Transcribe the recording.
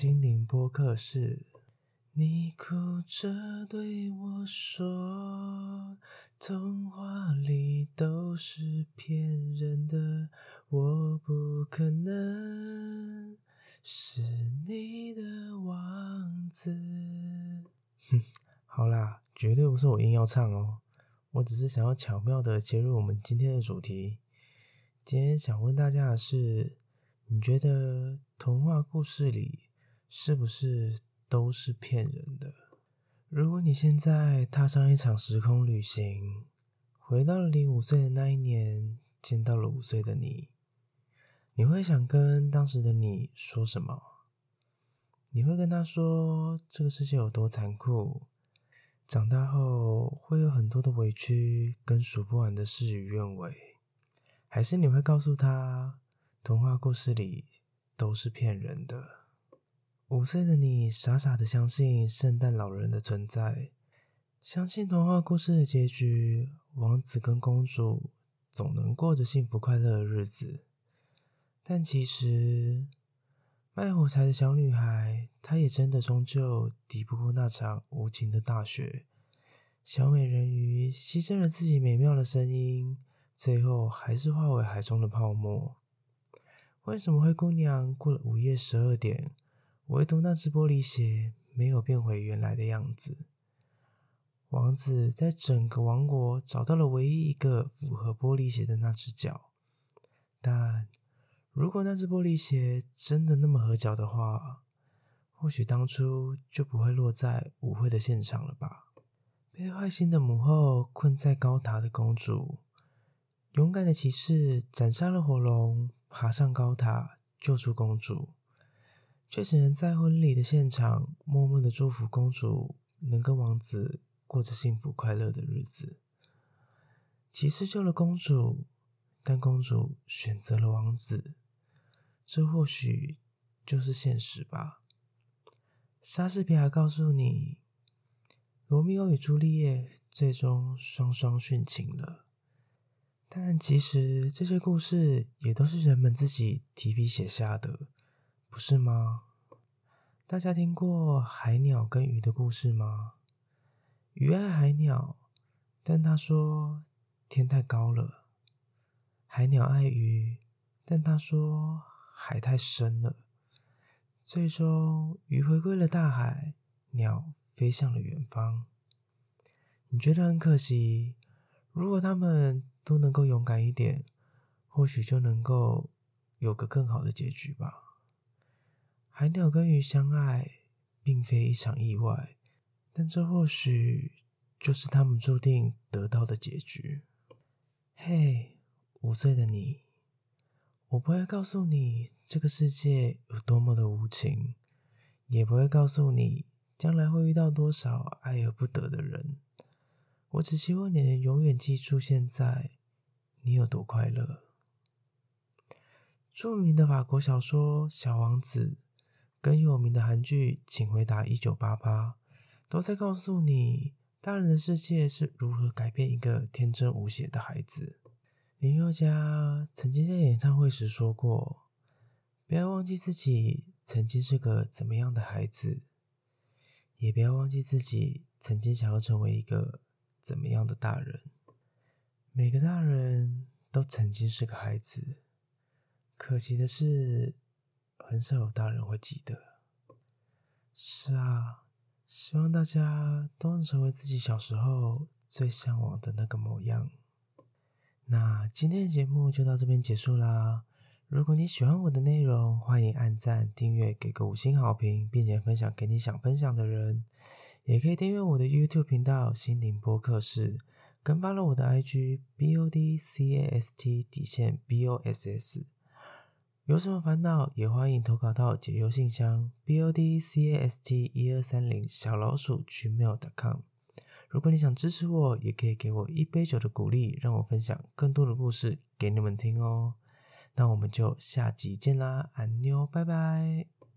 心靈播客室，你哭着對我說：“童話裡都是騙人的，我不可能是你的王子。”哼，好啦，絕對不是我硬要唱哦，我只是想要巧妙的切入我們今天的主題。今天想問大家的是，你覺得童話故事裡是不是都是騙人的？如果你現在踏上一場時空旅行，回到了你五歲的那一年，見到了五歲的你，你會想跟當時的你說什麼？你會跟他說這個世界有多殘酷，長大後會有很多的委屈跟數不完的事與願違，還是你會告訴他，童話故事裡都是騙人的？五歲的你，傻傻的相信聖誕老人的存在，相信童話故事的結局，王子跟公主總能過着幸福快樂的日子。但其實，賣火柴的小女孩，她也真的終究抵不過那場無情的大雪。小美人魚犧牲了自己美妙的聲音，最後還是化為海中的泡沫。為什麼灰姑娘過了午夜十二點，唯獨那隻玻璃鞋沒有變回原來的樣子。王子在整個王國找到了唯一一個符合玻璃鞋的那隻腳，但如果那隻玻璃鞋真的那麼合腳的話，或許當初就不會落在舞會的現場了吧？被壞心的母後困在高塔的公主，勇敢的騎士斬殺了火龍，爬上高塔救出公主。卻只能在婚禮的現場，默默的祝福公主能跟王子過着幸福快樂的日子。騎士救了公主，但公主選擇了王子，這或許就是現實吧。莎士比亞告訴你，《羅密歐與朱麗葉》最終雙雙殉情了，但其實這些故事也都是人們自己提筆寫下的。不是嗎？大家聽過海鳥跟魚的故事嗎？魚愛海鳥，但他說天太高了；海鳥愛魚，但他說海太深了。最終，魚回歸了大海，鳥飛向了遠方。你覺得很可惜，如果他們都能夠勇敢一點，或許就能夠有個更好的結局吧。海鳥跟魚相愛，並非一場意外，但這或許就是他們注定得到的結局。嘿，五歲的你，我不會告訴你這個世界有多麼的無情，也不會告訴你將來會遇到多少愛而不得的人。我只希望你能永遠記住現在，你有多快樂。著名的法國小說《小王子》。更有名的韓劇，請回答一九八八，都在告訴你，大人的世界是如何改變一個天真無邪的孩子。林宥嘉曾經在演唱會時說過：“不要忘記自己曾經是個怎麼樣的孩子，也不要忘記自己曾經想要成為一個怎麼樣的大人。”每個大人都曾經是個孩子，可惜的是。很少有大人會記得。是啊，希望大家都能成為自己小時候最嚮往的那個模樣。那今天的節目就到這邊結束啦。如果你喜歡我的內容，歡迎按讚、訂閱，給個五星好評，並且分享給你想分享的人。也可以訂閱我的 YouTube 頻道“心靈播客室”，跟 follow 我的 IG B O D C A S T 底線 B O S S。有什麼煩惱，也歡迎投稿到解憂信箱 b o d c a s t 一二三零小老鼠取 gmail.com。如果你想支持我，也可以給我一杯酒的鼓勵，讓我分享更多的故事給你們聽哦。那我們就下集見啦，安妞，拜拜。